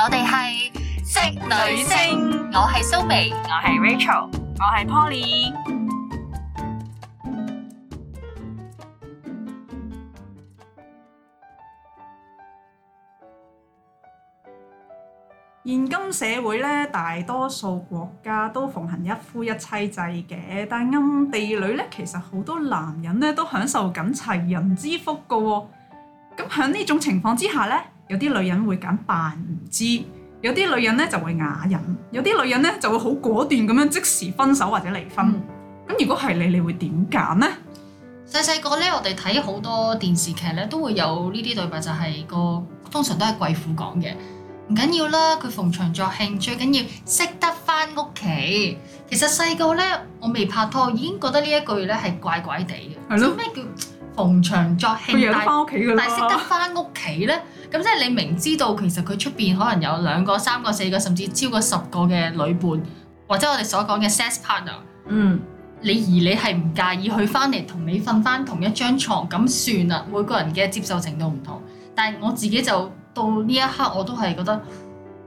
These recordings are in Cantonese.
我哋係職女聲，我係蘇眉，我係 Rachel，我係 Polly。現今社會咧，大多數國家都奉行一夫一妻制嘅，但係暗地裏咧，其實好多男人咧都享受緊齊人之福嘅喎、哦。咁喺呢種情況之下咧。有啲女人會揀扮唔知，有啲女人咧就會啞忍，有啲女人咧就會好果斷咁樣即時分手或者離婚。咁、嗯、如果係你，你會點揀呢？細細個咧，我哋睇好多電視劇咧，都會有呢啲對白，就係、是、個通常都係貴婦講嘅。唔緊要啦，佢逢場作興，最緊要識得返屋企。其實細個咧，我未拍拖已經覺得呢一句咧係怪怪地嘅。係咯的。咩叫？逢場作戲，但係識得翻屋企咧，咁 即係你明知道其實佢出邊可能有兩個、三個、四個，甚至超過十個嘅女伴，或者我哋所講嘅 sex partner。嗯，你而你係唔介意佢翻嚟同你瞓翻同一張床，咁算啦。每個人嘅接受程度唔同，但係我自己就到呢一刻，我都係覺得。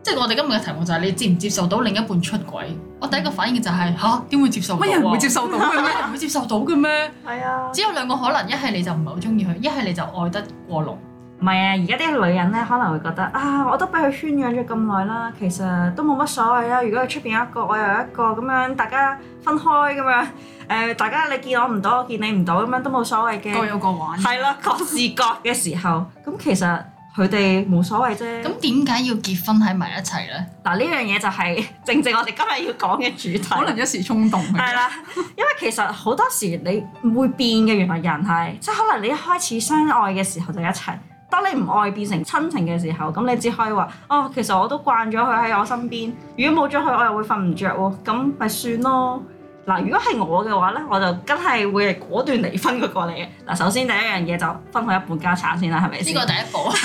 即係我哋今日嘅題目就係你接唔接受到另一半出軌？我第一個反應嘅就係、是、吓，點會接受？乜人會接受到嘅咩？唔會接受到嘅咩？係啊， 哎、呀 只有兩個可能，一係你就唔係好中意佢，一係你就愛得過濃。唔係啊，而家啲女人咧可能會覺得啊，我都俾佢圈養咗咁耐啦，其實都冇乜所謂啦。如果佢出邊有一個，我又一個咁樣，大家分開咁樣，誒、呃，大家你見我唔到，我見你唔到咁樣都冇所謂嘅。各有各玩。係啦，各視各嘅時候咁，其實。佢哋冇所謂啫，咁點解要結婚喺埋一齊呢？嗱，呢樣嘢就係正正我哋今日要講嘅主題。可能一時衝動係啦， 因為其實好多時你唔會變嘅，原來人係，即係可能你一開始相愛嘅時候就一齊，當你唔愛變成親情嘅時候，咁你只可以話：哦，其實我都慣咗佢喺我身邊，如果冇咗佢，我又會瞓唔着喎，咁咪算咯。嗱，如果係我嘅話咧，我就真係會係果斷離婚佢過嚟嘅。嗱，首先第一樣嘢就分佢一半家產先啦，係咪先？呢個第一步。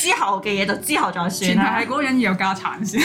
之後嘅嘢就之後再算。前提係嗰個人要有家產先。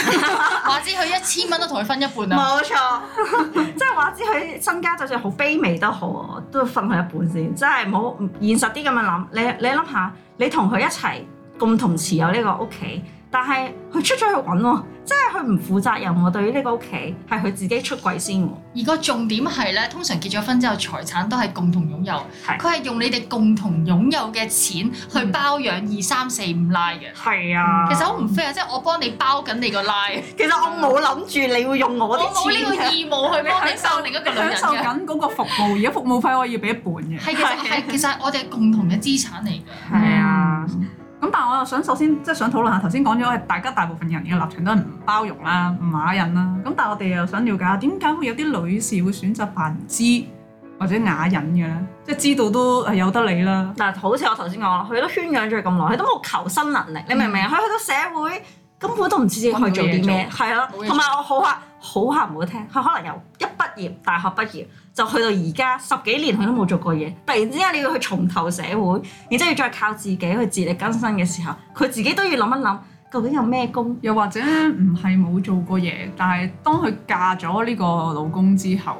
話知佢一千蚊都同佢分一半啊？冇沒錯， 即係話知佢身家就算好卑微都好，都分佢一半先。真係好現實啲咁樣諗，你你諗下，你同佢一齊共同持有呢個屋企。但係佢出咗去揾，哦，即係佢唔負責任，哦。對於呢個屋企，係佢自己出軌先，哦。而個重點係咧，通常結咗婚之後，財產都係共同擁有。佢係是用你哋共同擁有嘅錢去包養二、嗯、三四五奶嘅。係啊。其實我唔 fair 啊，即係我幫你包緊你個奶。 其實我冇諗住你要用我啲錢嘅。我冇呢個義務去幫你收另一個女人嘅。享受緊嗰個服務，而家 服務費我要俾一半嘅。係係， 其實我哋共同嘅資產嚟。係啊。 咁但係我又想首先即係想討論下頭先講咗，大家大部分人嘅立場都係唔包容啦、唔啞忍啦。咁但係我哋又想了解下點解會有啲女士會選擇扮唔知或者啞忍嘅咧？即係知道都係有得你啦。嗱，好似我頭先講啦，佢都圈養咗咁耐，佢都冇求生能力，你明唔明啊？佢去到社會根本都唔知自己可以做啲咩，係啊作，同埋了我好啊。嗯好話唔好聽，佢可能由一畢業，大學畢業就去到而家十幾年，佢都冇做過嘢。突然之間你要去重投社會，然之後要再靠自己去自力更生嘅時候，佢自己都要諗一諗，究竟有咩工？又或者唔係冇做過嘢，但係當佢嫁咗呢個老公之後，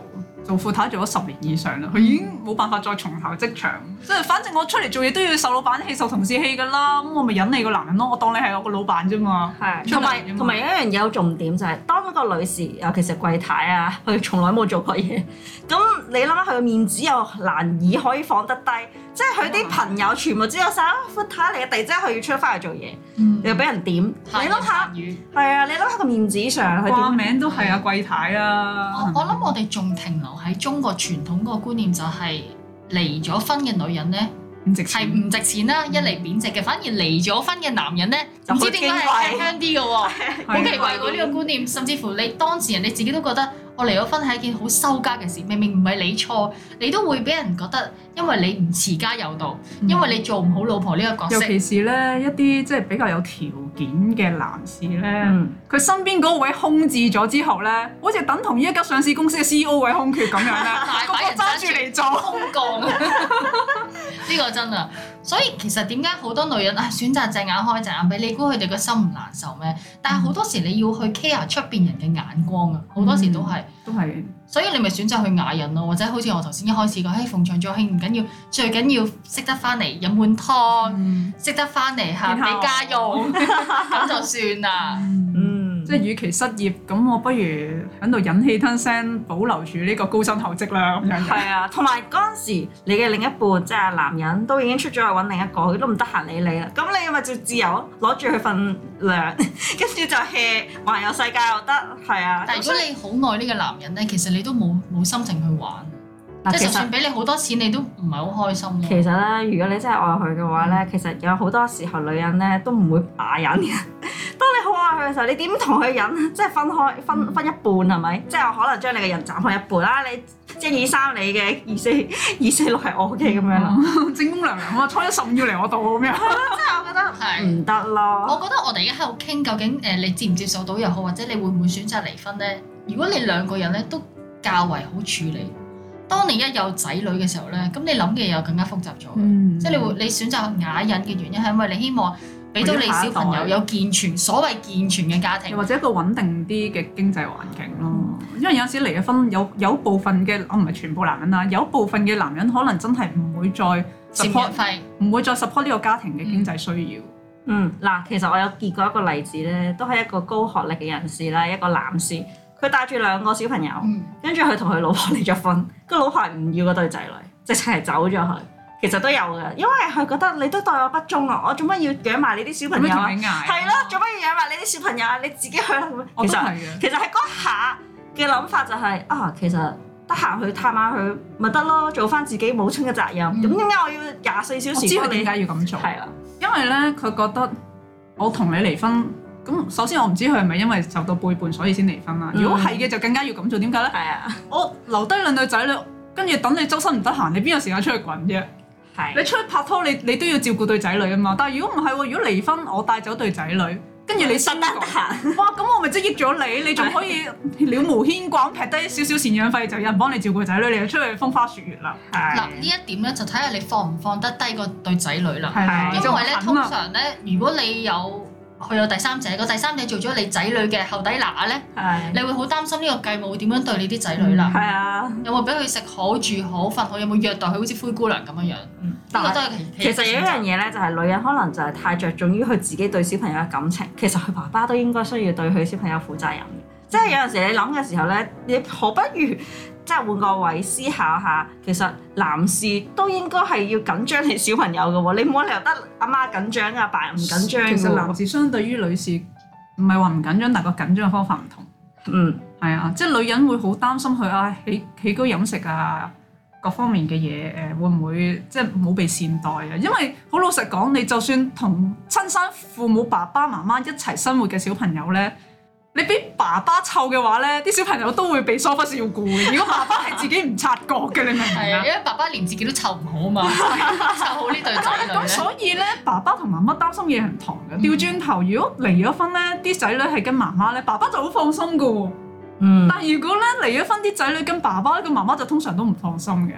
做富太做咗十年以上啦，佢已經冇辦法再重投職場，即係反正我出嚟做嘢都要受老闆氣、受同事氣㗎啦，咁我咪忍你個男人咯，我當你係我個老闆啫嘛。係，同埋同埋有一樣嘢好重點就係，當一個女士尤其是櫃太啊，佢從來冇做過嘢，咁你諗下佢個面子又難以可以放得低，即係佢啲朋友全部只有曬富太嚟嘅地，即係佢要出翻嚟做嘢，你又俾人點？你諗下，係啊，你諗下個面子上佢個名都係啊櫃太啦。我我諗我哋仲停留。喺中國傳統嗰個觀念就係離咗婚嘅女人咧，唔值，係唔值錢啦，一嚟貶值嘅，反而離咗婚嘅男人咧，唔知點解係香啲嘅喎，好奇怪喎呢。 的個觀念，甚至乎你當事人你自己都覺得。我離咗婚係一件好羞家嘅事，明明唔係你錯，你都會俾人覺得，因為你唔持家有道，嗯、因為你做唔好老婆呢個角色。尤其是咧，一啲即係比較有條件嘅男士咧，佢、嗯嗯、身邊嗰位空置咗之後咧，好似等同於一家上市公司嘅 CEO 位空缺咁樣咧， 大把人揸住嚟做空降。呢個 真啊！所以其實點解好多女人啊選擇隻眼開隻眼閉？你估佢哋個心唔難受咩？但係好多時你要去 care 出邊人嘅眼光啊，好多時都係、嗯。都係。所以你咪選擇去啞忍咯，或者好似我頭先一開始講，誒逢場作興唔緊要，最緊要識得翻嚟飲碗湯，識、嗯、得翻嚟嚇俾家用，咁後 就算啦。嗯嗯即係與其失業，咁我不如喺度忍氣吞聲，保留住呢個高薪厚職啦咁樣。係 啊，同埋嗰陣時，你嘅另一半即係、就是、男人都已經出咗去揾另一個，佢都唔得閒理你啦。咁你咪就自由，攞住佢份糧，跟 住就 hea 環遊世界又得，係啊。但係如果你好愛呢個男人咧，其實你都冇冇心情去玩。即係就算俾你好多錢，你都唔係好開心。其實咧，如果你真係愛佢嘅話咧，其實有好多時候女人咧都唔會捱忍嘅。當你好愛佢嘅時候，你點同佢忍？即係分開分分一半係咪？即係我可能將你嘅人斬開一半啦。你即二三你嘅二四二四六係我嘅咁樣咯。正宮娘娘啊，初一十五要嚟我度咁樣。即係我覺得係唔得咯。我覺得我哋而家喺度傾究竟誒，你接唔接受到又好，或者你會唔會選擇離婚咧？如果你兩個人咧都較為好處理。當你一有仔女嘅時候咧，咁你諗嘅又更加複雜咗。嗯、即係你會你選擇啞忍嘅原因係因為你希望俾到你小朋友有健全所謂健全嘅家庭，或者一個穩定啲嘅經濟環境咯。嗯、因為有時離咗婚有有部分嘅我唔係全部男人啦，有部分嘅男人可能真係唔會再 support，唔會再 support 呢個家庭嘅經濟需要。嗯，嗱、嗯，其實我有見過一個例子咧，都係一個高學歷嘅人士啦，一個男士。佢帶住兩個小朋友，跟住佢同佢老婆離咗婚，個老婆唔要嗰對仔女，直情係走咗去。其實都有嘅，因為佢覺得你都對我不忠啊。我做乜要養埋你啲小朋友啊？係咯，做乜要養埋你啲小朋友啊？你自己去，其實其實喺嗰下嘅諗法就係、是、啊，其實得閒去探下佢咪得咯，做翻自己母親嘅責任。咁點解我要廿四小時？我知佢點解要咁做，係啦的，因為咧佢覺得我同你離婚。咁首先我唔知佢係咪因為受到背叛所以先離婚啦。嗯、如果係嘅就更加要咁做，點解咧？係啊。我留低兩對仔女，跟住等你周身唔得閒，你邊有時間出去滾啫？係、啊。你出去拍拖，你你都要照顧對仔女啊嘛。但係如果唔係喎，如果離婚，我帶走對仔女，跟住你身得閒，嗯、哇，咁我咪即益咗你，啊、你仲可以 了無牽掛劈低少少贍養費，就有人幫你照顧仔女，你就出去風花雪月啦。嗱呢、啊、一點咧就睇下你放唔放得低個對仔女啦。啊啊、因為咧通常咧，如果你有佢有第三者，個第三者做咗你仔女嘅後底乸咧，係你會好擔心呢個繼母會點樣對你啲仔女啦？係啊的，有冇俾佢食好住好瞓？我有冇虐待佢好似灰姑娘咁樣樣？嗯，呢個都係，其實有一樣嘢咧，就係女人可能就係太着重於佢自己對小朋友嘅感情，其實佢爸爸都應該需要對佢小朋友負責任嘅。即係有陣時你諗嘅時候咧，你何不如，即係換個位思考下，其實男士都應該係要緊張你小朋友嘅喎，你唔好理由得阿媽緊張，阿爸唔緊張嘅喎。其實男士相對於女士，唔係話唔緊張，但係個緊張嘅方法唔同。嗯，係啊，即係女人會好擔心佢啊、哎、起起居飲食啊各方面嘅嘢，誒會唔會即係冇被善待啊？因為好老實講，你就算同親生父母、爸爸媽媽一齊生活嘅小朋友咧。你俾爸爸湊嘅話咧，啲小朋友都會俾疏忽照顧。如果爸爸係自己唔察角嘅，你明唔明啊？係啊，因為爸爸連自己都湊唔好啊嘛，湊好呢對仔女。咁所以咧，爸爸同 媽媽擔心嘢係唔同嘅。掉轉頭，如果離咗婚咧，啲仔女係跟媽媽咧，爸爸就好放心嘅。嗯。但係如果咧離咗婚，啲仔女跟爸爸嘅媽媽就通常都唔放心嘅。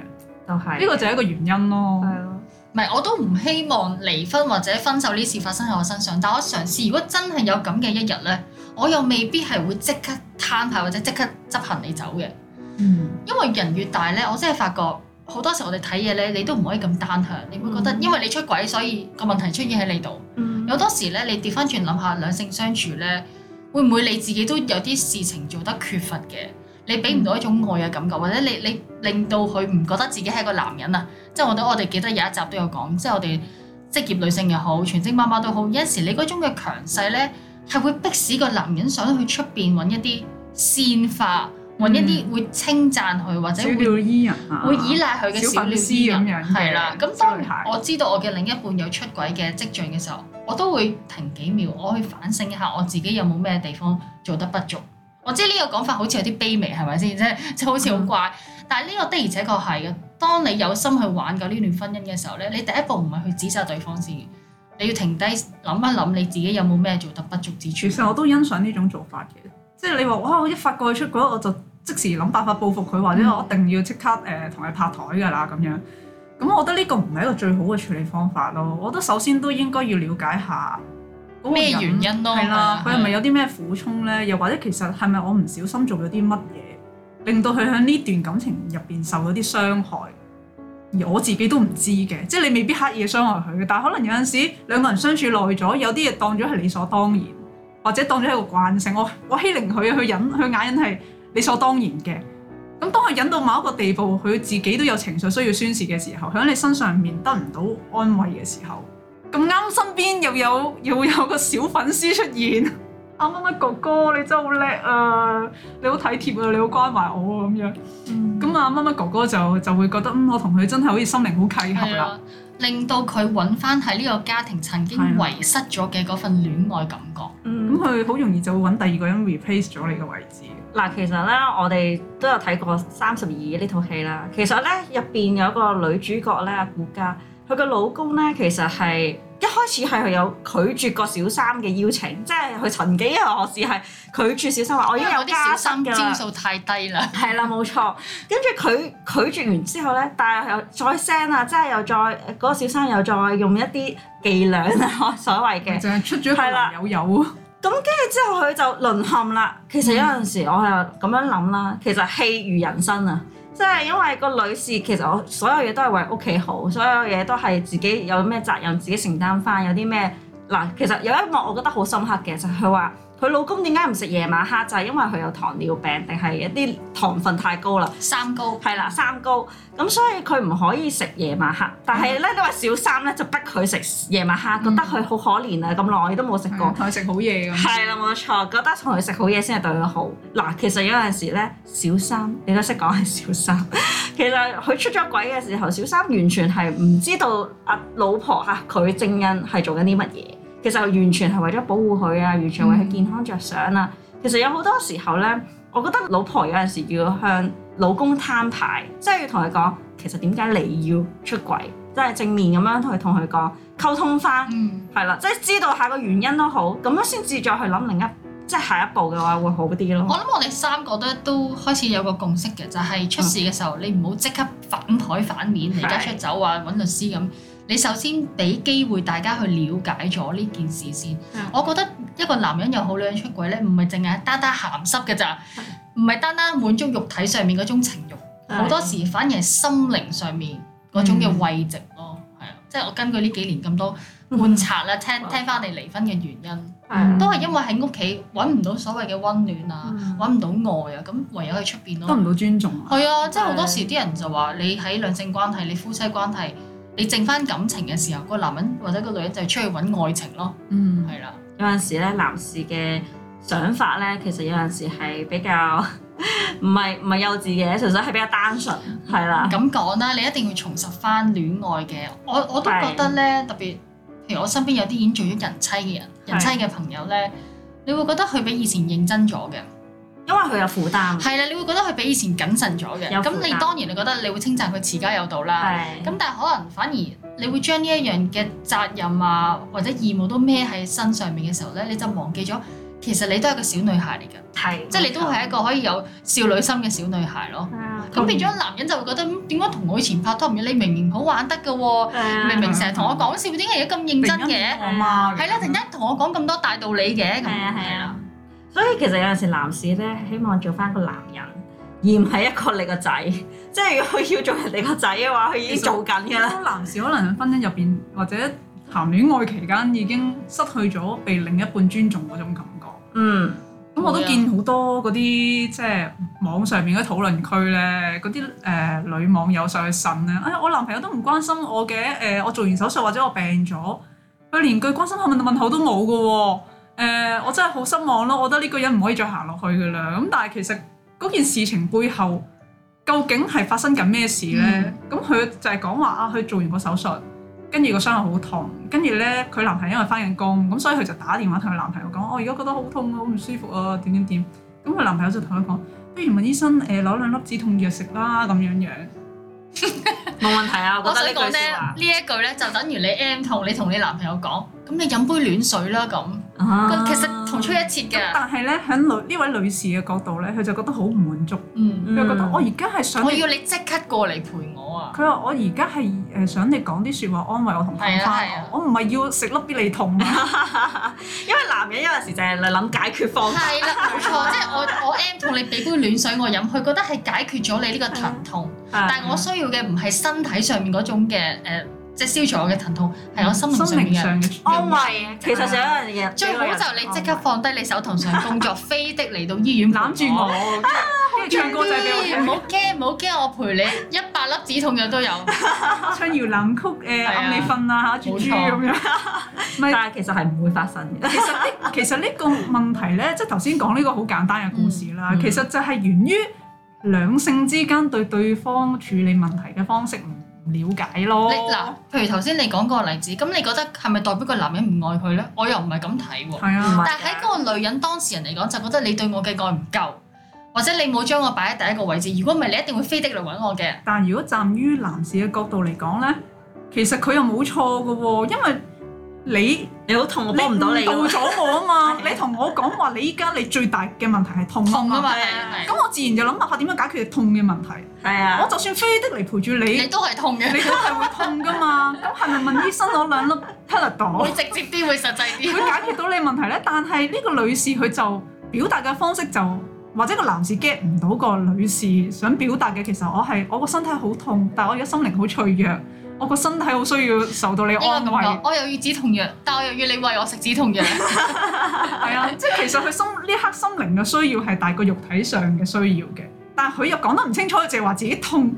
就係。呢個就係一個原因咯。係咯了。唔係我都唔希望離婚或者分手呢事，發生喺我身上，但我嘗試。如果真係有咁嘅一日咧。我又未必係會即刻攤牌或者即刻執行你走嘅，嗯、因為人越大咧，我真係發覺好多時候我哋睇嘢咧，你都唔可以咁單向，你會覺得、嗯、因為你出軌，所以個問題出現喺你度。嗯、有時咧，你掉翻轉諗下，兩性相處咧，會唔會你自己都有啲事情做得缺乏嘅？你俾唔到一種愛嘅感覺，或者你你令到佢唔覺得自己係一個男人啊？即係我我哋記得有一集都有講，即係我哋職業女性又好，全職媽媽都好，有時你嗰種嘅強勢咧。係會迫使個男人想去出邊揾一啲線化，揾、嗯、一啲會稱讚佢或者會、啊、會依賴佢嘅小粉絲咁樣嘅。係啦的，咁當我知道我嘅另一半有出軌嘅跡象嘅時候，我都會停幾秒，我去反省一下我自己有冇咩地方做得不足。我知呢個講法好似有啲卑微，係咪先？即 就好似好怪，嗯、但係呢個的而且確係嘅。當你有心去挽救呢段婚姻嘅時候咧，你第一步唔係去指責對方先。你要停低諗一諗，你自己有冇咩做得不足之處？其實我都欣賞呢種做法嘅，即係你話哇，我一發過去出軌，我就即時諗辦法報復佢，或者我一定要即刻誒同佢拍台㗎啦咁樣。咁、嗯嗯、我覺得呢個唔係一個最好嘅處理方法咯。我覺得首先都應該要了解下咩原因咯。係啦，佢係咪有啲咩苦衷咧？的又或者其實係咪我唔小心做咗啲乜嘢，令到佢喺呢段感情入邊受咗啲傷害？而我自己都唔知嘅，即係你未必刻意傷害佢嘅，但係可能有陣時兩個人相處耐咗，有啲嘢當咗係理所當然，或者當咗係一個慣性。我我欺凌佢啊，佢忍佢啞忍係理所當然嘅。咁當佢忍到某一個地步，佢自己都有情緒需要宣洩嘅時候，響你身上面得唔到安慰嘅時候，咁啱身邊又有又有個小粉絲出現。阿乜乜哥哥，你真係好叻啊！你好體貼啊，你好關懷我啊咁樣。咁、嗯、啊，阿乜乜、嗯嗯、哥哥就就會覺得嗯，我同佢真係好似心靈好契合啦、啊，令到佢揾翻喺呢個家庭曾經遺失咗嘅嗰份戀愛感覺。咁佢好容易就會揾第二個人 replace 咗你嘅位置。嗱，其實咧，我哋都有睇過《三十二》呢套戲啦。其實咧，入邊有個女主角咧，阿顧家，佢個老公咧，其實係。一開始係有拒絕個小三嘅邀請，即係佢曾經幾何時係拒絕小三話，我已經有加薪嘅啦，招數太低啦，係啦冇錯。跟住佢拒絕完之後咧，但係又再 send 啊，即係又再嗰、嗰個小三又再用一啲伎倆啊，所謂嘅，就係出咗朋的有有友。咁跟住之後佢就淪陷啦。其實有陣時我係咁樣諗啦，其實戲如人生啊。即係因為個女士其實我所有嘢都係為屋企好，所有嘢都係自己有咩責任自己承擔返，有啲咩。嗱，其實有一幕我覺得好深刻嘅就係佢話。佢老公點解唔食夜晚黑？就係、是、因為佢有糖尿病，定係一啲糖分太高啦糕。三高係啦，三高咁，所以佢唔可以食夜晚黑。但係咧，嗯、因為小三咧就逼佢食夜晚黑，嗯、覺得佢好可憐啊，咁耐都冇食過，同佢食好嘢。係啦，冇錯，覺得同佢食好嘢先係對佢好。嗱，其實有陣時咧，小三，你都識講係小三。 其實佢出咗軌嘅時候，小三完全係唔知道阿老婆嚇、啊、佢正恩係做緊啲乜嘢。其實完全係為咗保護佢啊，完全為佢健康着想啦。嗯、其實有好多時候咧，我覺得老婆有陣時要向老公攤牌，即係要同佢講，其實點解你要出軌，即係正面咁樣同佢同佢講溝通返，係啦、嗯，即係知道下個原因都好，咁樣先至再去諗另一即係下一步嘅話會好啲咯。我諗我哋三個咧都，都開始有個共識嘅，就係出事嘅時候、嗯、你唔好即刻反枱反面離家出走啊，揾律師咁。你首先俾機會大家去了解咗呢件事先。我覺得一個男人又好女人出軌咧，唔係淨係單單鹹濕嘅咋，唔係單單滿足肉體上面嗰種情慾，好多時反而係心靈上面嗰種嘅慰藉咯。係啊，即係我根據呢幾年咁多觀察啦，聽聽翻你離婚嘅原因，都係因為喺屋企揾唔到所謂嘅溫暖啊，揾唔到愛啊，咁唯有喺出邊咯。得唔到尊重啊？係啊，即係好多時啲人就話你喺兩性關係、你夫妻關係。你剩翻感情嘅時候，個男人或者個女人就出去揾愛情咯。嗯，係啦。有陣時咧，男士嘅想法咧，其實有陣時係比較唔係唔係幼稚嘅，純粹係比較單純。係啦，咁講啦，你一定要重拾翻戀愛嘅。我我都覺得咧，是特別譬如我身邊有啲已經做咗人妻嘅人，是人妻嘅朋友咧，你會覺得佢比以前認真咗嘅。因為佢有負擔，係啦，你會覺得佢比以前謹慎咗嘅，咁你當然你覺得你會稱讚佢持家有道啦，咁但係可能反而你會將呢一樣嘅責任啊或者義務都孭喺身上面嘅時候咧，你就忘記咗其實你都係個小女孩嚟嘅。係，即係你都係一個可以有少女心嘅小女孩咯。咁變咗男人就會覺得點解同我以前拍拖唔一樣？你明明好玩得㗎喎，明明成日同我講笑，點解而家咁認真嘅？係啦，突然間同我講咁多大道理嘅咁。所以其實有陣時男士咧，希望做翻個男人，而唔係一個你個仔。即係如果佢要做人哋個仔嘅話，佢已經做緊嘅啦。男士可能婚姻入邊，或者談戀愛期間已經失去咗被另一半尊重嗰種感覺。嗯，咁、嗯、我都見好多嗰啲即係網上面嘅啲討論區咧，嗰啲誒女網友上去呻咧，哎呀我男朋友都唔關心我嘅，誒、呃、我做完手術或者我病咗，佢連句關心問問問好都冇㗎喎。誒、呃，我真係好失望咯！我覺得呢個人唔可以再行落去噶啦。咁但係其實嗰件事情背後究竟係發生緊咩事咧？咁佢、嗯、就係講話啊，佢做完個手術，跟住個傷又好痛，跟住咧佢男朋友因為翻緊工，咁所以佢就打電話同佢男朋友講：我而家覺得好痛啊，好唔舒服啊，點點點。咁、啊、佢男朋友就同佢講：不、哎、如問醫生誒攞、呃呃、兩粒止痛藥食啦，咁樣樣。冇 問題啊！ 我，說我覺得呢句咧，呢一句咧就等於你 M 痛，你同你男朋友講：咁你飲杯暖水啦，咁。嗯、其實同出一轍嘅，但係咧喺女呢位女士嘅角度咧，佢就覺得好唔滿足，佢、嗯嗯、覺得我而家係想你我要你即刻過嚟陪我啊！佢話我而家係誒想你講啲説話安慰我同氹我，唔係要食粒必理痛，啊，啊某某某 因為男人有陣時就係嚟諗解決方法。係啦、 啊，冇錯， 即係我 我 M 痛你俾杯暖水我飲，佢覺得係解決咗你呢個疼痛，啊、但係我需要嘅唔係身體上面嗰種嘅誒。呃 即係消除我嘅疼痛，係我心靈上嘅安慰。因為其實想，一樣嘢，最好就你即刻放低你手頭上工作，飛的嚟到醫院攬住我，跟住唱歌仔俾我，唔好驚，唔好驚，我陪你一百粒止痛藥都有。唱搖籃曲誒，暗你瞓啊嚇，轉轉咁樣。冇錯。但係其實係唔會發生嘅。其實呢，其實呢個問題咧，即係頭先講呢個好簡單嘅故事啦。其實就係源於兩性之間對對方處理問題嘅方式。瞭解咯，嗱，譬如頭先你講個例子，咁你覺得係咪代表個男人唔愛佢呢？我又唔係咁睇喎，啊、但喺嗰個女人當事人嚟講，就覺得你對我嘅愛唔夠，或者你冇將我擺喺第一個位置。如果唔係，你一定會飛的嚟揾我嘅。但如果站於男士嘅角度嚟講呢，其實佢又冇錯㗎喎，因為。你你好痛，我幫唔到你。誤導咗我啊嘛！ 啊你同我講話，你依家你最大嘅問題係痛痛啊嘛。咁、啊啊、我自然就諗辦法點樣解決痛嘅問題。係啊，我就算飛的嚟陪住你，你都係痛嘅，你都係會痛㗎嘛。咁係咪問醫生攞兩粒 pill 會直接啲，會實際啲。會 解決到你問題咧，但係呢個女士佢就表達嘅方式就，或者個男士 get 唔到個女士想表達嘅，其實我係我個身體好痛，但我而家心靈好脆弱。我個身體好需要受到你安慰。我又要止痛藥，但我又要你餵我食止痛藥。係啊，即係其實佢心呢 一刻心靈嘅需要係大過肉體上嘅需要嘅，但係佢又講得唔清楚，就係話自己痛。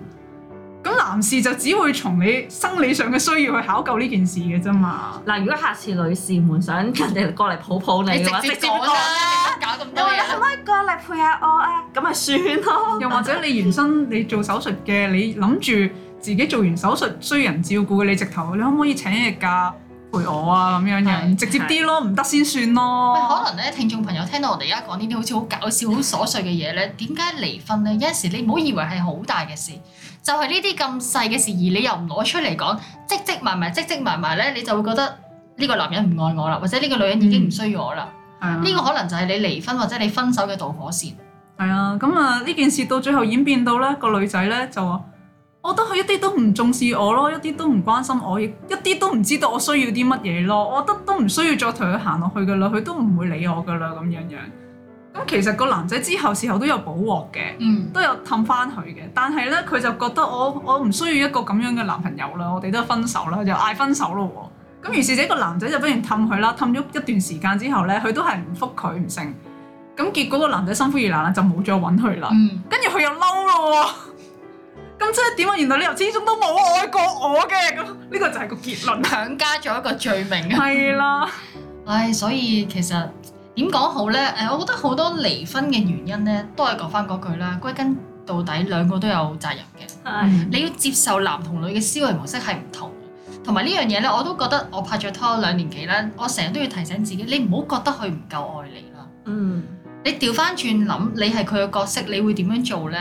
咁男士就只會從你生理上嘅需要去考究呢件事嘅啫嘛。嗱，如果下次女士們想人哋過嚟抱抱你嘅話，直接講啦，啊、搞咁多可唔、啊、可以過嚟陪下我啊，咁咪算咯。 又或者你原身你做手術嘅，你諗住？自己做完手術需要人照顧嘅你直頭，你可唔可以請一日假陪我啊？咁樣樣直接啲咯，唔得先算咯。可能咧，聽眾朋友聽到我哋而家講呢啲好似好搞笑、好瑣碎嘅嘢咧，點解離婚呢？有陣時你唔好以為係好大嘅事，就係呢啲咁細嘅事，而你又唔攞出嚟講，積積埋埋、積積埋埋咧，你就會覺得呢個男人唔愛我啦，或者呢個女人已經唔需要我啦。呢個可能就係你離婚或者你分手嘅導火線。係啊，咁啊呢件事到最後演變到咧，個女仔咧就。我覺得佢一啲都唔重視我咯，一啲都唔關心我，亦一啲都唔知道我需要啲乜嘢咯。我覺得都唔需要再同佢行落去噶啦，佢都唔會理我噶啦咁樣樣。咁其實個男仔之後事後都有補鑊嘅，嗯，都有氹翻佢嘅。但係咧，佢就覺得我我唔需要一個咁樣嘅男朋友啦，我哋都係分手啦，就嗌分手咯。咁於是者個男仔就不如氹佢啦，氹咗一段時間之後咧，佢都係唔復佢唔成。咁結果個男仔心灰意冷就冇再揾佢啦，嗯，跟住佢又嬲咯。咁即係點啊？原來你又始終都冇愛過我嘅，咁呢個就係個結論，強加咗一個罪名啊！係啦，唉，所以其實點講好呢？誒，我覺得好多離婚嘅原因呢，都係講翻嗰句啦，歸根到底兩個都有責任嘅。是你要接受男同女嘅思維模式係唔同，同埋呢樣嘢呢，我都覺得我拍咗拖兩年幾啦，我成日都要提醒自己，你唔好覺得佢唔夠愛你啦。嗯，你調翻轉諗，你係佢嘅角色，你會點樣做呢？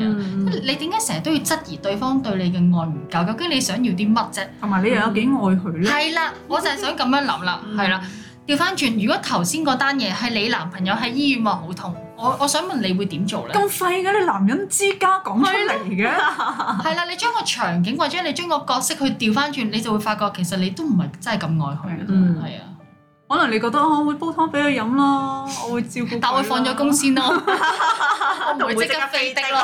嗯、你點解成日都要質疑對方對你嘅愛唔夠？究竟你想要啲乜啫？同埋你又有幾愛佢咧？係啦、嗯，我就係想咁樣諗啦，係啦， 調翻轉。如果頭先嗰單嘢係你男朋友喺醫院話好痛，我我想問你會點做咧？咁廢嘅，你男人之家講出嚟嘅，係啦的， 你將個場景或者你將個角色去調翻轉，你就會發覺其實你都唔係真係咁愛佢。的嗯，係啊。可能你覺得我會煲湯俾佢飲啦，我會照顧佢。 但會放咗工先咯， 我唔會即刻飛的咯。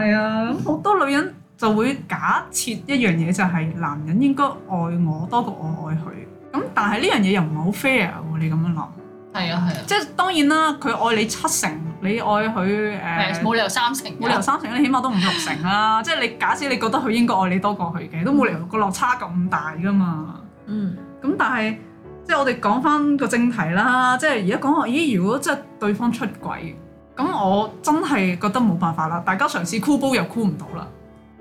係啊，咁好多女人就會假設一樣嘢就係男人應該愛我多過我愛佢。咁但係呢樣嘢又唔係好 fair 喎、啊，你咁樣諗。係啊係啊，啊即係當然啦，佢愛你七成，你愛佢誒冇理由三成，冇理由三成，你起碼都五六成啦、啊。即係你假設你覺得佢應該愛你多過佢嘅，都冇理由個落差咁大噶嘛。嗯，咁但係。即係我哋講返個正題啦，即係而家講話咦，如果真係對方出軌，咁我真係覺得冇辦法啦。大家嘗試箍煲又箍唔到啦，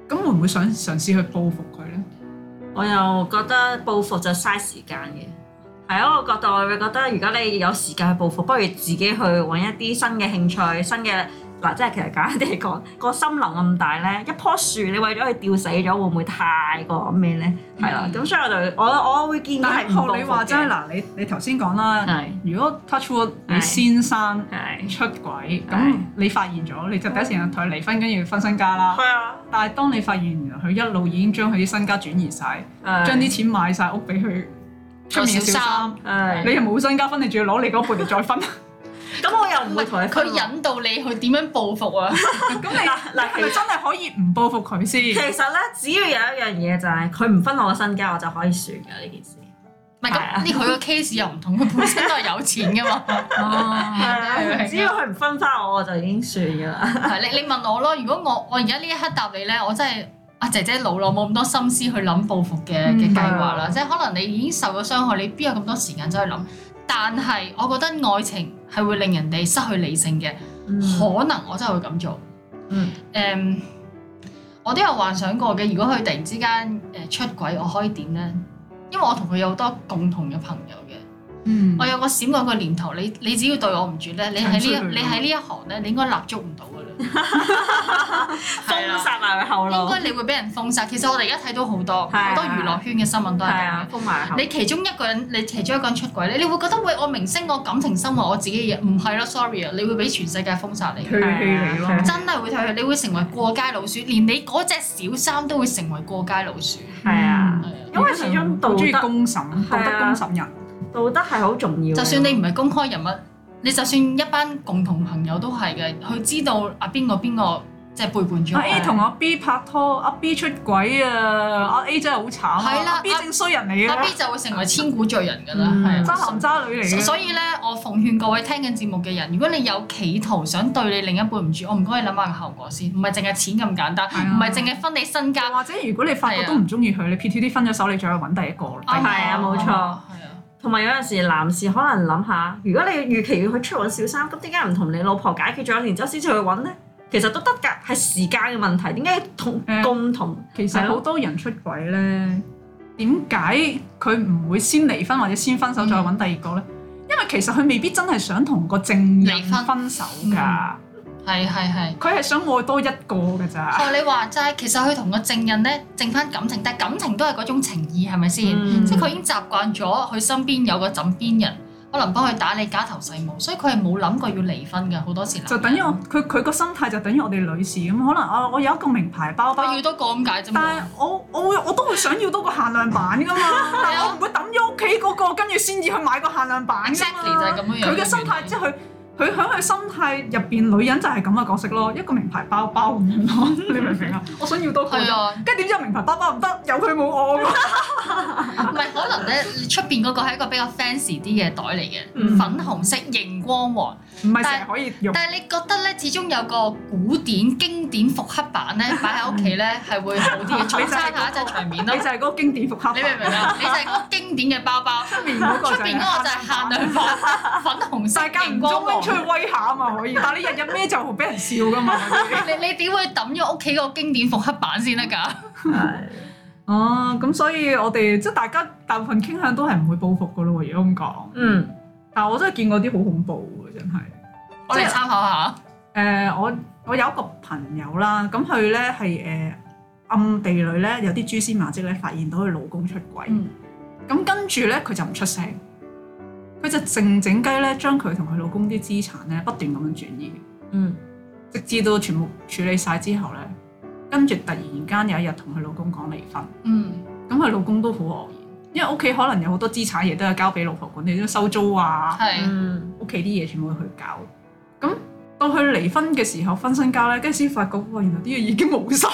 咁會唔會想嘗試去報復佢呢？我又覺得報復就嘥時間嘅，係啊，我覺得我會覺得如果你有時間去報復，不如自己去揾一啲新嘅興趣，新嘅。即係其實簡單啲嚟講，個森林咁大咧，一棵樹你為咗佢吊死咗，會唔會太過咩咧？係啦，咁所以我就我我會建議係破你話齋。嗱，你你頭先講啦，如果 touch wood 你先生出軌，咁你發現咗，你就第一時間同佢離婚，跟住分身家啦。係啊，但係當你發現原來佢一路已經將佢啲身家轉移晒，將啲錢買晒屋俾佢出面小三，你又冇身家分，你仲要攞你嗰半年再分。咁我又唔同佢引導你去點樣報復啊？咁 你嗱嗱係咪真係可以唔報復佢先？ 其實咧，只要有一樣嘢就係佢唔分我嘅身家，我就可以算㗎呢件事。唔係咁呢？佢個 case 又唔同，佢本身都係有錢㗎嘛。只要佢唔分翻我，我就已經算㗎啦。係 你你問我咯？如果我我而家呢一刻答你咧，我真係阿姐姐老咯，冇咁多心思去諗報復嘅嘅計劃啦。的即係可能你已經受咗傷害，你邊有咁多時間走去諗？但係我覺得愛情，係會令人哋失去理性嘅，嗯、可能我真係會咁做。嗯，誒，我都有幻想過嘅。如果佢突然之間誒出軌，我可以點呢？因為我同佢有好多共同嘅朋友嘅。嗯、我有個閃過個念頭，你你只要對我唔住咧，你喺呢你喺呢一行咧，你應該立足唔到。封殺埋佢後路，應該你會俾人封殺。其實我哋而家睇到好多好多娛樂圈嘅新聞都係咁。封埋你其中一個人，你其中一個人出軌，你你會覺得喂，我明星，我個感情生活，我自己嘅嘢，唔係咯，sorry 啊，你會俾全世界封殺你。真係會退去。你會成為過街老鼠，連你嗰隻小三都會成為過街老鼠。係啊，因為始終道德公審，道德公審人，道德係好重要。就算你唔係公開人物。你就算一班共同朋友都係嘅，佢知道阿邊個邊個即係背叛咗。阿 A 同阿 B 拍拖，阿 B 出軌啊！阿 A 真係好慘。係啦，B 正衰人嚟嘅。阿 B 就會成為千古罪人㗎啦，係啊，渣男渣女嚟嘅。所以咧，我奉勸各位聽緊節目嘅人，如果你有企圖想對你另一半唔住，我唔該你諗下個後果先。唔係淨係錢咁簡單，唔係淨係分你身家。或者如果你發覺都唔中意佢，你 PTD 分咗手，你再揾第一個。哦，係啊，冇錯。同埋有陣時，男士可能諗下，如果你預期要去出揾小三，咁點解唔同你老婆解決咗一年之後先至去揾呢？其實都得㗎，係時間嘅問題。點解同共同、嗯、其實好我多人出軌呢，點解佢唔會先離婚或者先分手再揾第二個呢？嗯、因為其實佢未必真係想同個正人分手㗎。係係係，佢係想愛多一個㗎咋、哦？學你話齋，其實佢同個證人咧剩翻感情，但係感情都係嗰種情意，係咪先？嗯、即係佢已經習慣咗佢身邊有個枕邊人，可能幫佢打理家頭細務，所以佢係冇諗過要離婚嘅，好多時就等於佢佢個心態就等於我哋女士咁，可能我、哦、我有一個名牌包包，要多個咁解啫嘛。但係我我會我都會想要多個限量版㗎嘛， 但係我唔會抌咗屋企嗰個，跟住先至去買個限量版。嘅、Exactly。e x 就係咁樣佢嘅心態即係佢。佢喺佢心態入邊，女人就係咁嘅角色咯，一個名牌包包咁咯，你明唔明啊？ 我想要多佢，跟住點知名牌包包唔得，有佢冇我。唔係 可能咧，出邊嗰個係一個比較 fancy 啲嘅袋嚟嘅，嗯、粉紅色熒光黃。唔係成日可以用，但係你覺得咧，始終有個古典經典復刻版咧，擺喺屋企咧係會好啲嘅，再下一隻台面咯。你就係嗰個經典復刻，你明唔明啊？你就係嗰個經典嘅包包，出面嗰個，出面嗰個就係限量款，粉紅西加唔中黃，出去威下啊嘛可以。但係你日日孭就俾人笑噶嘛？你你點會抌咗屋企個經典復刻版先得㗎？哦，咁所以我哋即係大家大部分傾向都係唔會報復㗎咯，如果咁講。嗯。但我真係見過啲好恐怖嘅，真係、呃。我嚟參考下。誒，我我有一個朋友啦，咁佢咧係誒暗地裏咧有啲蛛絲馬跡咧，發現到佢老公出軌。咁、嗯、跟住咧，佢就唔出聲。佢就靜靜雞咧，將佢同佢老公啲資產咧不斷咁樣轉移。嗯。直至到全部處理晒之後咧，跟住突然間有一日同佢老公講離婚。嗯。咁佢老公都好惡。因為屋企可能有好多資產嘢都係交俾老婆管理，都收租啊，屋企啲嘢全部去搞。咁那到佢離婚嘅時候分身家咧，跟住先發覺，原來啲嘢已經冇晒，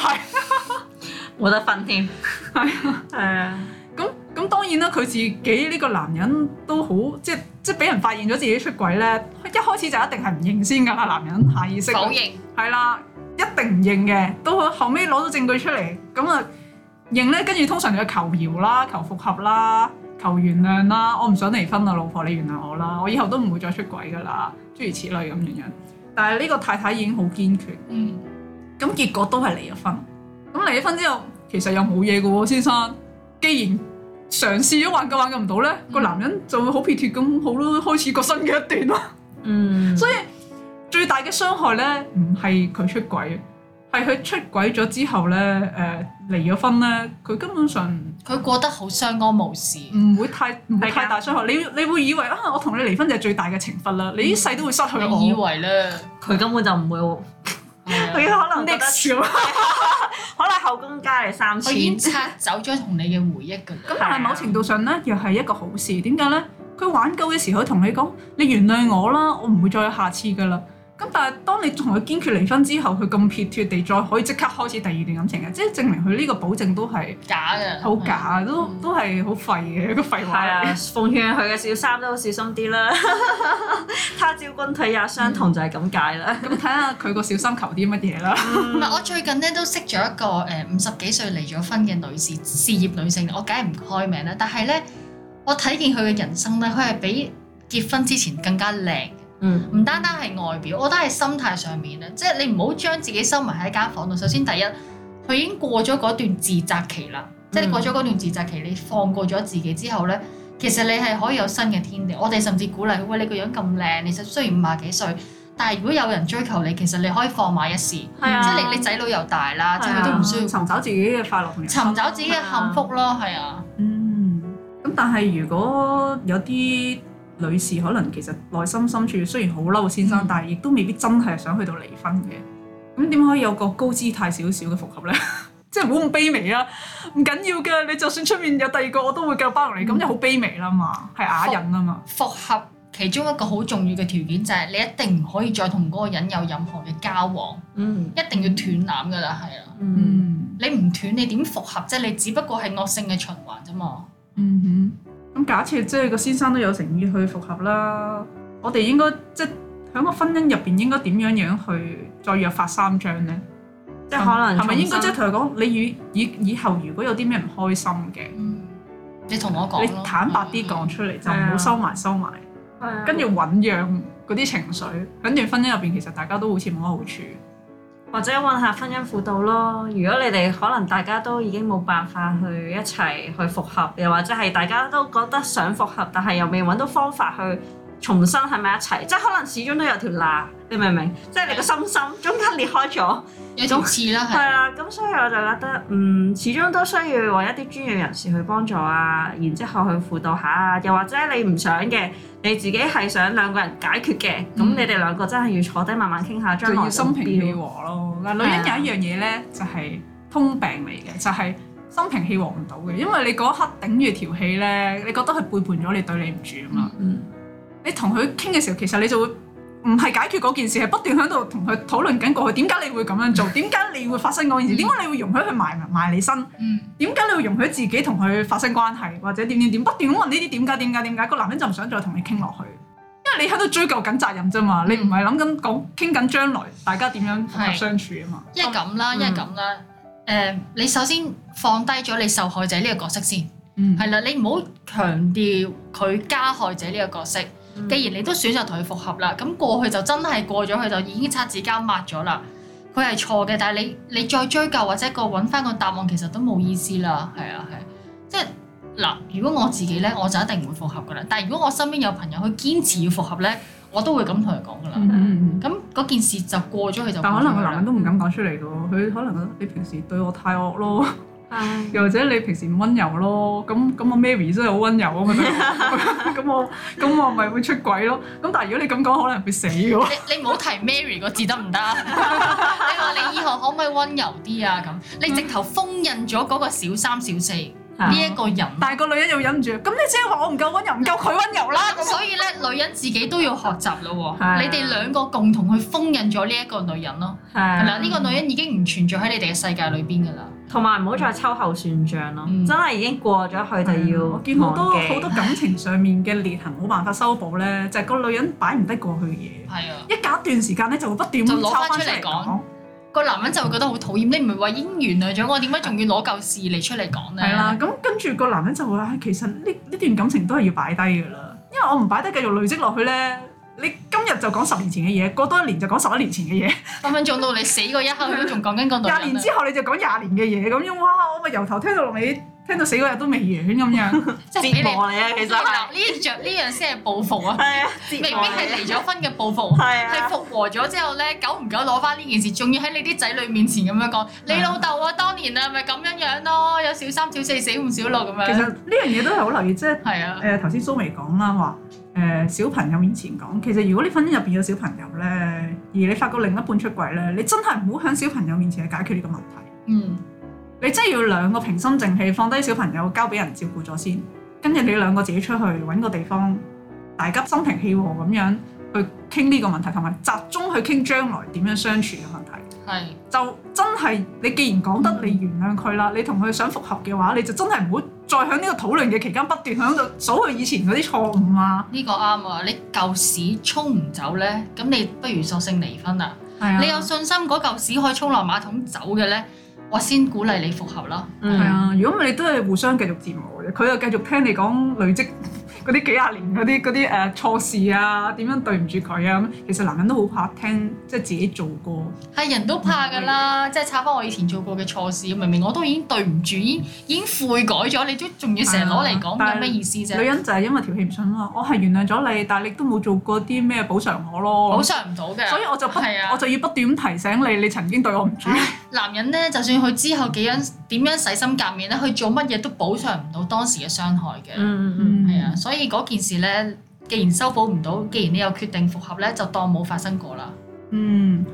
冇 得分添。係啊， 係啊。咁咁的當然啦，佢自己呢個男人都好，即係即係俾人發現咗自己出軌咧，佢一開始就一定係唔認先㗎。男人下意識講認，係啦，一定唔認嘅。到佢後尾攞到證據出嚟，咁啊～認咧，跟住通常就求饒啦、求復合啦、求原諒啦。我唔想離婚啊，老婆，你原諒我啦，我以後都唔會再出軌噶啦，諸如此類咁樣樣。但係呢個太太已經好堅決，咁、嗯、結果都係離咗婚。咁離咗婚之後，其實又冇嘢㗎喎先生？既然嘗試咗挽救，挽救唔到咧，個男人就會好撇脱咁，好咯，開始個新嘅一段咯。嗯，所以最大嘅傷害咧，唔係佢出軌。係佢出軌咗之後咧，誒、呃、離咗婚咧，佢根本上佢過得好相安無事，唔會太唔會太大傷害的你。你會以為啊，我同你離婚就係最大嘅懲罰啦，嗯、你一世都會失去我。你以為咧？佢好根本就唔會，佢可能 n e 可能後宮加你三千，擦走咗同你嘅回憶嘅。咁但係某程度上咧，又係一個好事。點解咧？佢玩夠嘅時候，同你講：你原諒我啦，我唔會再有下次嘅啦。咁但係，當你同佢堅決離婚之後，佢咁撇脱地再可以即刻開始第二段感情嘅，即係證明佢呢個保證都係假嘅的，好假，嗯、都都係好廢嘅一、那個廢話。奉勸佢嘅小三都小心啲啦，他朝君體也相同就，嗯、 就係咁解啦。咁睇下佢個小心求啲乜嘢啦。唔係、嗯， 我最近咧都識咗一個誒五十幾歲離咗婚嘅女士，事業女性，我梗係唔開名啦。但係咧，我睇見佢嘅人生咧，佢係比結婚之前更加靚。唔、mm. 嗯、單單係外表，我覺得係心態上面啊，即、就、係、是、你唔好將自己收埋喺一間房度。首先第一，佢已經過咗嗰段自責期啦，mm. 即係你過咗嗰段自責期，你放過咗自己之後咧，其實你係可以有新嘅天地。我哋甚至鼓勵，喂，你個樣咁靚，你實雖然五廿幾歲，但係如果有人追求你，其實你可以放馬一試，yeah, 即係你你仔女又大啦，即係佢都唔需要尋、yeah, 找自己嘅快樂同尋找自己嘅幸福咯，係 yeah, 啊。嗯，咁但係如果有啲。女士可能其實內心深處雖然好嬲先生，嗯、但係亦都未必真係想去到離婚嘅。咁點可以有個高姿態少少嘅復合呢？即係唔好咁卑微啊！唔緊要嘅，你就算出面有第二個，我都會繼續包容你。咁、嗯、就好卑微啦嘛，係啞忍啊嘛。復合其中一個好重要嘅條件就係你一定唔可以再同嗰個人有任何嘅交往，嗯，一定要斷纜㗎啦，係啦，嗯，你唔斷你點復合？即係你只不過係惡性嘅循環啫嘛，嗯哼。咁假設即係個先生都有誠意去復合啦，我哋應該即係喺個婚姻入邊應該點樣樣去再約法三章呢？即係可能係咪應該即係同佢講，你以以以後如果有啲咩唔開心嘅、嗯，你同我講，你坦白啲講出嚟，嗯、就唔好收埋、啊、收埋，跟住醞釀嗰啲情緒喺段婚姻入邊，其實大家都好似冇乜好處。或者揾下婚姻輔導囉。如果你哋可能大家都已經冇辦法去一齊去復合，又或者係大家都覺得想復合，但係又未揾到方法去。重新喺埋一齊，即係可能始終都有條罅，你明唔明？即係你個心心中間裂開咗，有一種刺啦，係。係啦，咁所以我就覺得，嗯，始終都需要揾一啲專業人士去幫助啊，然之後去輔導下啊，又或者你唔想嘅，你自己係想兩個人解決嘅，咁、嗯、你哋兩個真係要坐低慢慢傾下，將來目標。心平氣和咯，但係女人有一樣嘢呢，就係通病嚟嘅，就係心平氣和唔到嘅，因為你嗰刻頂住條氣呢，你覺得佢背叛咗你，對你唔住啊嘛。嗯嗯。你同佢傾嘅時候，其實你就會唔係解決嗰件事，係不斷喺度同佢討論緊過去。點解你會咁樣做？點解 你會發生嗰件事？點解、嗯、你會容許佢埋埋你身？點解、嗯、你會容許自己同佢發生關係？或者點點點？不斷咁問呢啲點解？點解？點解？個男人就唔想再同你傾落去，因為你喺度追究緊責任啫、嗯、嘛。你唔係諗緊講傾緊將來大家點樣同佢相處啊嘛。因為咁啦，因為咁啦。誒、呃，你首先放低咗你受害者呢個角色先。嗯。係啦，你唔好強調佢加害者呢個角色。嗯、既然你都選擇同佢復合啦，咁過去就真係過咗佢就已經擦紙膠抹咗啦。佢係錯嘅，但係你你再追究或者個搵返個答案，其實都冇意思啦。係啊係、啊，即係嗱，如果我自己咧，我就一定唔會復合噶啦。但係如果我身邊有朋友，佢堅持要復合咧，我都會咁同佢講噶啦。咁嗰、嗯嗯嗯、件事就過咗去就。但可能個男人都唔敢講出嚟咯，佢可能你平時對我太惡咯。又或者你平時唔温柔咯，咁咁 我 Mary 真係好温柔啊，咁我咁我咪會出軌咯。咁但係如果你咁講，可能會死喎。你你你 你唔好提 Mary 個字得唔得？你話你以後可唔可以温柔啲啊、嗯？咁你直頭封印咗嗰個小三小四呢一個人， 啊、但係個女人又忍唔住，咁你即係話我唔夠温柔，唔夠佢温柔啦、啊啊。所以咧，女人自己都要學習咯。啊啊、你哋兩個共同去封印咗呢一個女人咯。嗱、啊，呢個女人已經唔存在喺你哋嘅世界裏邊㗎啦。同埋唔好再秋後算賬咯，嗯、真係已經過咗去就要、嗯。我見好多好多感情上面嘅裂痕，冇辦法修補咧， 就係個女人擺唔得過去嘢。係啊，一隔一段時間咧就會不斷咁攞翻 出嚟講，個 男人就會覺得好討厭。你唔係話已經原諒咗， 我點解仲要攞舊事嚟出嚟講咧？係啦、啊，咁跟住個男人就會話，其實呢呢段感情都係要擺低㗎啦。因為我唔擺低，繼續累積落去咧。你今日就講十年前嘅嘢，過多一年就講十一年前嘅嘢，分分鐘到你死嗰一刻都仲講緊講到廿年之後，你就講廿年嘅嘢咁樣，哇！我咪由頭聽到尾，聽到死嗰日都未完咁樣，即係你啊！其實呢呢樣先係報復啊，明明係離咗婚嘅報復，係、 啊、復和咗之後咧，久唔久攞翻呢件事，仲要喺你啲仔女面前咁樣講， 你老豆啊，當年啊，咪咁樣樣咯，有小三小四死唔少咯咁樣。其實呢樣嘢都係好留意，即係誒頭先蘇眉講啦，我誒、呃、小朋友面前講，其實如果你婚姻入邊有小朋友呢，而你發覺另一半出軌呢，你真係唔好喺小朋友面前去解決呢個問題。嗯，你真係要兩個平心靜氣，放低小朋友交俾人照顧咗先，跟住你兩個自己出去揾個地方，大家心平氣和咁樣去傾呢個問題，同埋集中去傾將來點樣相處啊嘛。係，是就真係，你既然講得你原諒佢啦，嗯、你同佢想復合嘅話，你就真係唔好再響呢個討論嘅期間不斷響度數佢以前嗰啲錯誤啊。呢個啱啊，你舊屎沖唔走咧，咁你不如索性離婚啦。係啊，啊你有信心嗰舊屎可以沖落馬桶走嘅咧，我先鼓勵你復合咯。係、嗯嗯、啊，如果你都係互相繼續折磨嘅，佢又繼續聽你講累積。嗰啲幾廿年嗰啲啲誒錯事啊，點樣對唔住佢啊？咁其實男人都好怕聽，即係自己做過係人都怕㗎啦，對即係插翻我以前做過嘅錯事，明明我都已經對唔住，已經已經悔改咗，你都仲要成日攞嚟講，有咩、哎、呀意思啫？女人就係因為條氣唔順啦，我係原諒咗你，但係你都冇做過啲咩補償我咯，補償唔到嘅，所以我就不、啊、我就要不斷提醒你，你曾經對我唔住、哎。男人咧，就算佢之後幾樣點樣洗心革面咧，佢做乜嘢都補償唔到當時嘅傷害嘅，嗯，嗯，係啊，所以嗰件事咧，既然修補唔到，既然你有決定復合咧，就當冇發生過啦。嗯，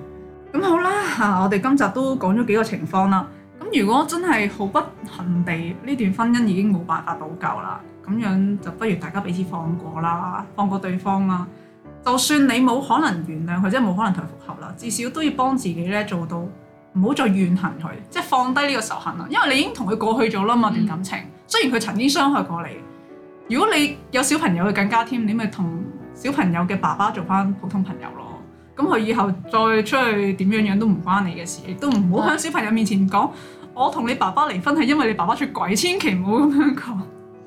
咁好啦嚇，我哋今集都講咗幾個情況啦。咁如果真係毫不幸地，呢段婚姻已經冇辦法補救啦，咁樣就不如大家彼此放過啦，放過對方啦。就算你冇可能原諒佢，即係冇可能同佢復合啦，至少都要幫自己咧做到唔好再怨恨佢，即係放低呢個仇恨啦。因為你已經同佢過去咗啦嘛，段感情雖然佢曾經傷害過你。如果你有小朋友，佢更加添，你咪同小朋友嘅爸爸做返普通朋友咯。咁佢以後再出去點樣樣都唔關你嘅事，亦都唔好喺小朋友面前講我同你爸爸離婚係因為你爸爸出軌，千祈唔好咁樣講。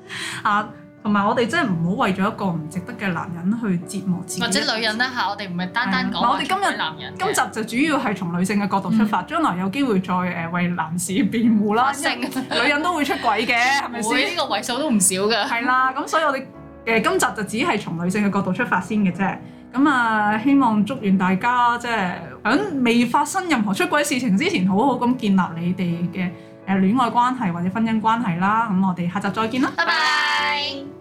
啊！同埋我哋真係唔好為咗一個唔值得嘅男人去折磨自己，或者女人啦、啊、嚇，啊、我哋唔係單單講、啊、我哋今日男人今集就主要係從女性嘅角度出發，嗯、將來有機會再誒為男士辯護啦。女性、嗯、女人都會出軌嘅，係咪先？呢個位數都唔少嘅。係啦、 啊，咁所以我哋誒今集就只係從女性嘅角度出發先嘅啫。咁啊，希望祝願大家即係響未發生任何出軌事情之前，好好咁建立你哋嘅。誒戀愛關係或者婚姻關係啦，咁我哋下集再見啦，拜拜。